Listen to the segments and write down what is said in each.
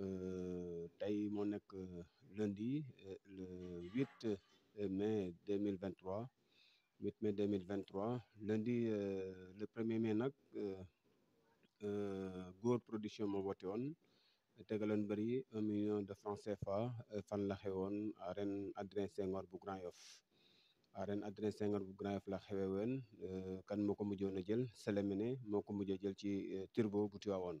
Euh, tey moo nekk euh, lundi euh, le 8 mai 2023 8 mai 2023 lundi le premier mai euh, góor production mo woote won tegaloon bari 1 million de francs CFA fan la xewoon arène Adrien Senghor bu Grand Yoff arène Adrien Senghor bu Grand Yoff la xewe woon kan moko ko mujjoon a jël Séléminé moo ko jël ci turbo bu Tiwaawoon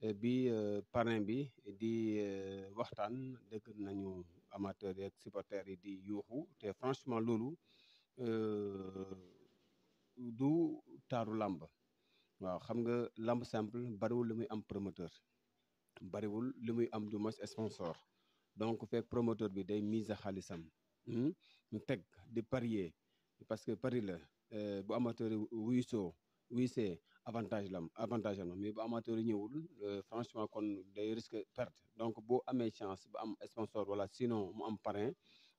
Eh, bi eh, parrain bi di eh, waxtan deug nañu amateur et supporter yi di yuuxu té franchement euh du taru lamb waaw xam nga lamb simple bariwul li muy am promoteur bariwul li muy am du moins sponsor donc fek promoteur bi day mise hmm mu teg di parier parce que pari la bu amateur wuyusoo wuyusee avantage la avantage am mais bu amateur yi ñëwul euh, franchement kon day risque perte donc boo amee chance ba am sponsor voilà sinon mu am parrain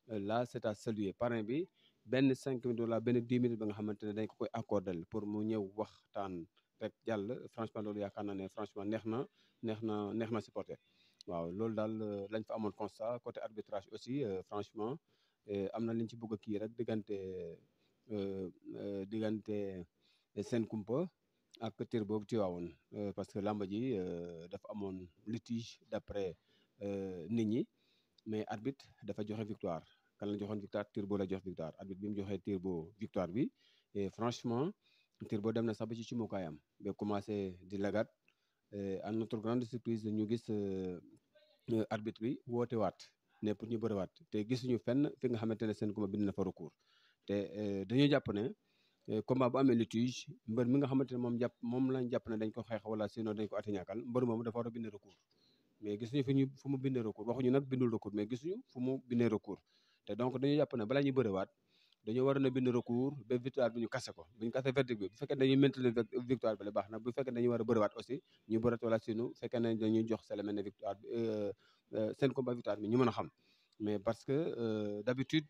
euh, là c'est à saluer parrain bi ben cinq mille wala benn dix mille ba nga xamante ne dañ koy accordel pour mu ñëw waxtaan rek jàll franchement lolu yakana né franchement neex na neex supporter waaw lolu dal euh, lañ fa amone constat côté arbitrage aussi franchement am na liñ ci bëgg a kii rek euh diganté Sen kumpa ak tir boobu Tiwaawoon euh, parce que làmb ji euh, dafa amone litige d'après euh, nit ñi mais arbitre dafa joxe victoire kan la joxone victoire tir boo la jox victoire arbitre bimu joxe joxee tir victoire bi et franchement tir boo dem na sax ba ci ci mukaayam ba commencé di lagat à notre grande surprise ñu gis arbitre bi wote wat ne pour ñu wat te gisuñu fenn fi nga xamantene sen kuma bind na fa recours te dañu jàpp Euh, combat bu amee litige mbër mi nga xamante ne moom jàpp lañ jàpp ne dañ ko xeex wala sinon dañ ko atiñaakal mbër moomu dafa war a bind recours mais gisuñu ñu fu mu bindee recours waxuñu nag bindul recours mais gisuñu fu mu bindee recours te donc dañu jàpp ne bala ñu bëriwaat dañoo waroon a bind recours ba victoire bi ñu kase ko kase verdict bi bu fekkee dañuy maintenir victoire bi baax na bu fekkee dañuy war a bëriwaat aussi ñu bërat wala sinu fekkee ne jox selemen ne victoire euh, euh, seen combat victoire bi ñu mën a xam mais parce que d'habitude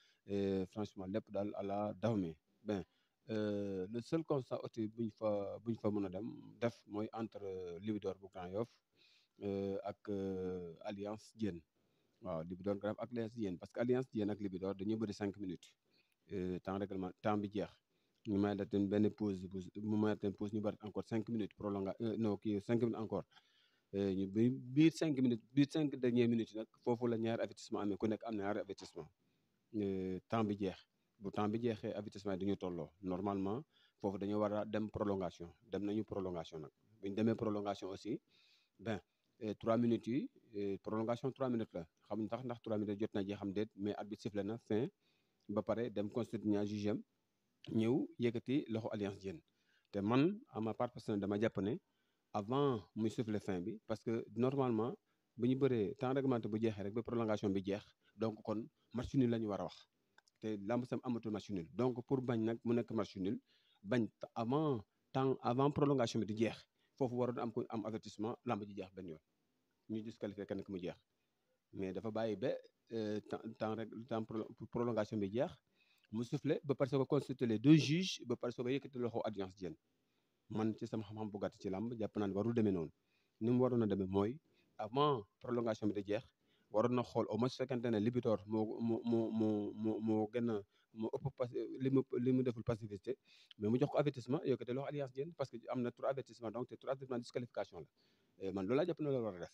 et franchement lepp dal ala dawme ben, euh, le seul constat buñ fa buñ dem entre Libidor bu l'Alliance euh, euh, Alliance Libidor Alliance parce que Alliance ak Libidor dañu bëri cinq minutes temps règlement temps bi ñu pause mu pause encore cinq minutes non cinq minutes encore ñu biir cinq minutes dernières minutes nak fofu la ñaar avertissement ku euh, temps bi jeex bu temps bi jeexee avertissement yi dañu tolloo normalement foofu dañoo war a dem prolongation dem nañu prolongation nag bu ñu prolongation aussi ben 3 euh, minutes yi euh, prolongation 3 minutes la xam tax ndax 3 minutes jot na jee xam déet mais arbitre sifflé na fin ba pare dem constituant jugem ñëw yëkkati loxo alliance Diène te man à ma part personnelle dama jàpp ne avant muy sifflé fin bi parce que normalement bu ñu bëree temps réglementaire bu jeexee rek ba prolongation bi jeex donc kon match lañu wara wax té lamb sam amatul match donc pour bañ nak mu nek match nul bañ avant temps avant prolongation bi di jeex fofu waro am ko am avertissement lamb ji jeex ben yoon ñu disqualifier kenn ku mu jeex mais dafa bayyi be euh, temps rek temps prolongation bi jeex mu soufflé ba parce que ko les deux juges ba parce que ko loxo audience jeen man ci sama xam-xam bu gàtt ci lamb japp naa ne warul demee noonu ni mu waroon a demee avant prolongation bi di jeex waroon na xool au moins su fekkente ne Libidor mo mo moo mo moo gën a ëpp pas euh, li mu deful passivité mais mu jox ko avertissement yow te loxo alliance Diène parce que amna trois avertissement donc te trois avertissement disqualification la man loolu laa jàpp ne loolu wara def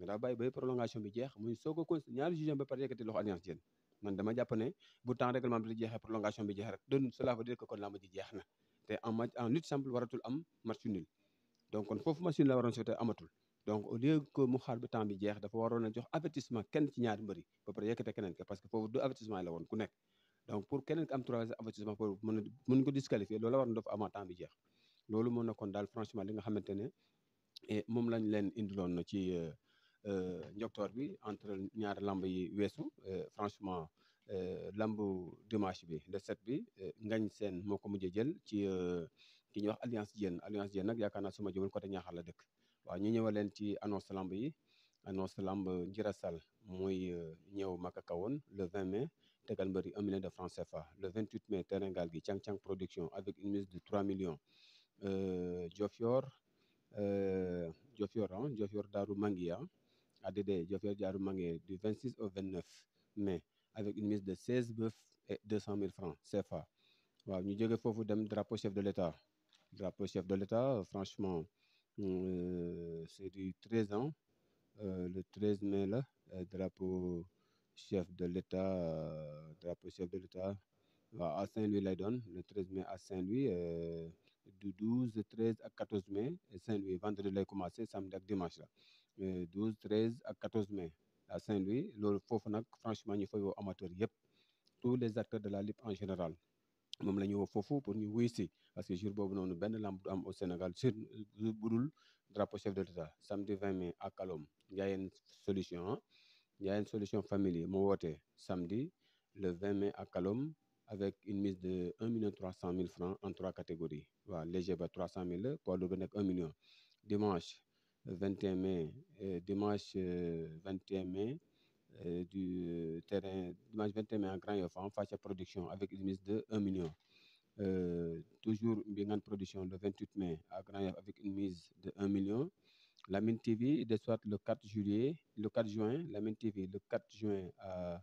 mais da bay bay prolongation bi jeex muy soko ko con ñaari juge ba pare yëkkati lox alliance Diène man dama japp ne bu temps règlement bi jeexé prolongation bi jeex rek don cela veut dire que kon la ma di jeex na te en match en lutte simple waratul am match nul donc kon fofu machine nul la waroon souhaité amatul donc au lieu que mu xaar ba temps bi jeex dafa waroon a jox avertissement kenn ci ñaari mbëri ba pare yëkkate keneen ka parce que foofu du avertissement la woon ku nekk donc pour keneen ka am trois avertissement pour mën ko disqualifier loolu la waroon def avant temps bi jeex loolu moo nekkoon daal franchement li nga xamante ne eh, moom lañ leen indiloon euh, euh, bi entre ñaari lamb yi weesu euh, franchement lamb dimanche bi le set bi ngañ seen moo ko mujjee jël ci ki ñuy wax alliance Diène alliance Diène nag yaakaar naa suma ko côté ñaaxar la dëkk ñu ñëwaleen ci annonce lamb yi annonce lamb Njira mooy euh, ñëw Makakawoon le 20 mai tegal mbëri 1 million de francs CFA le 28 mai terrain gi Cang Cang production avec une mise de 3 millions euh, Diofior euh, Diofior ah Diofior Daaru Mangi ah hein. ADD Diofior daru Mangi du 26 au 29 mai avec une mise de 16 bœufs et 200 000 francs CFA waaw ñu jóge foofu dem drapeau chef de l'État drapeau chef de l'État franchement euh, c'est du 13 ans. Euh, le 13 mai, là, euh, drapeau chef de l'État, chef de l'État à Saint-Louis la donne le 13 mai à Saint-Louis du 12 13 à 14 mai Saint-Louis vendredi lay commencé samedi et dimanche 12 13 à 14 mai à Saint-Louis Le franchement il faut amateur amateurs tous les acteurs de la lip en général nous pour nous oui parce que jour bobu nonu benn lamb au Sénégal sur le drapeau chef de l'État samedi 20 mai à Kalom une solution hein. Il une solution famille mo woote samedi le 20 mai à Kalom avec une mise de 1 million 300 000 francs en trois catégories léger 300 000 pour le lourd 1 million dimanche 21 mai euh, dimanche 21 euh, mai euh, du terrain dimanche 21 mai en Grand Yoff à hein, production avec une mise de 1 million euh, toujours grande Production le 28 mai à avec une mise de 1 million. La Mine TV, de soit le 4 juillet, le 4 juin, la Mine TV, le 4 juin à,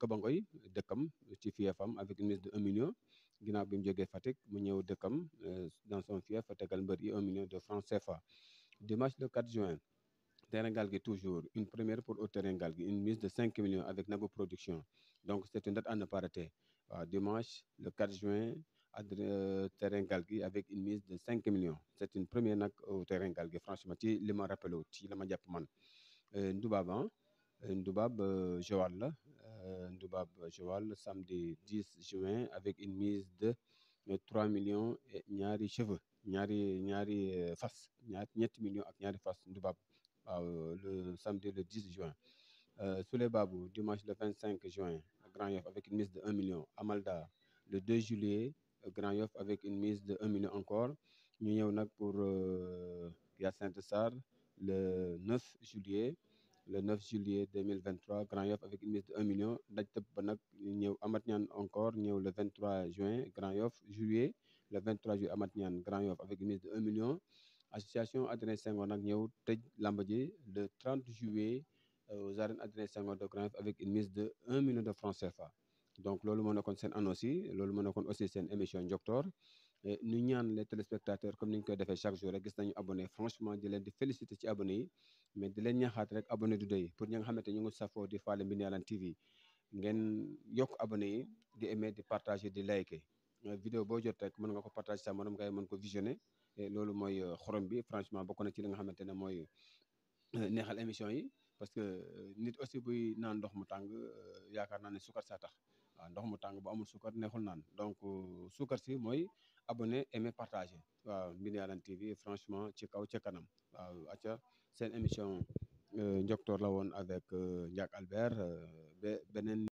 Kabangoy, avec une mise de 1 million. ginnaaw bi mu euh, dans son fief a million de francs CFA dimanche le 4 juin terrain galgué toujours, une première pour au terrain galgué, une mise de 5 millions avec Nago Production. Donc c'est une date à ne pas rater. Euh, dimanche, le 4 juin, à euh, terrain galgué avec une mise de 5 millions. C'est une première au terrain galgué. Franchement, je le me rappelle, aussi, le rappelle. Man. Euh, Ndoubab, hein? Euh, Ndoubab Joal, Ndoubab Joal, samedi 10 juin avec une mise de 3 millions et Nyari Cheveux. ñaari ñaari face, ñaar 7 millions ak ñaari face, Ndoubab ah, le samedi le 10 juin euh, les dimanche le 25 juin Grand Yoff avec une mise de 1 million Amalda le 2 juillet euh, Grand Yoff avec une mise de 1 million encore ñu pour pour euh, Yassin Tessar le 9 juillet le 9 juillet 2023 Grand Yoff avec une mise de 1 million nous encore le 23 juin Grand Yoff juillet le 23 juillet Amat Grand Yoff avec une mise de 1 million association Adrien Senghor nag ñëw tej lambaji le 30 juillet euh, aux arènes Adrien Senghor de Grand avec une mise de 1 million de francs CFA donc lolu moo nekkoon seen annonce yi loolu moo aussi seen émission Njoktoor ñu ñaan les téléspectateurs comme ni ñu koy défé chaque jour rek gis nañu abonné franchement di leen di féliciter ci abonné yi mais di leen ñaxat rek abonné du doy pour ñinga nga ñu ngi safo di falé Mbine TV ngén yok abonné di aimer di partager di liker vidéo bo jot rek mëna nga ko partager sa morom ngay mën ko visionner loolu mooy euh, xorom bi franchement bokk na ci li nga xamante ne mooy euh, neexal émission yi parce que euh, nit aussi buy naan ndox mu tàng yaakaar naa ne sukar saa tax waaw ndox mu tàng bu amul sukar neexul naan donc sukar si mooy abonné aimer partager waaw Mbine Yalane TV franchement ci kaw ca kanam waaw acca seen émission Njoktoor la woon avec Ndiak Albert beneen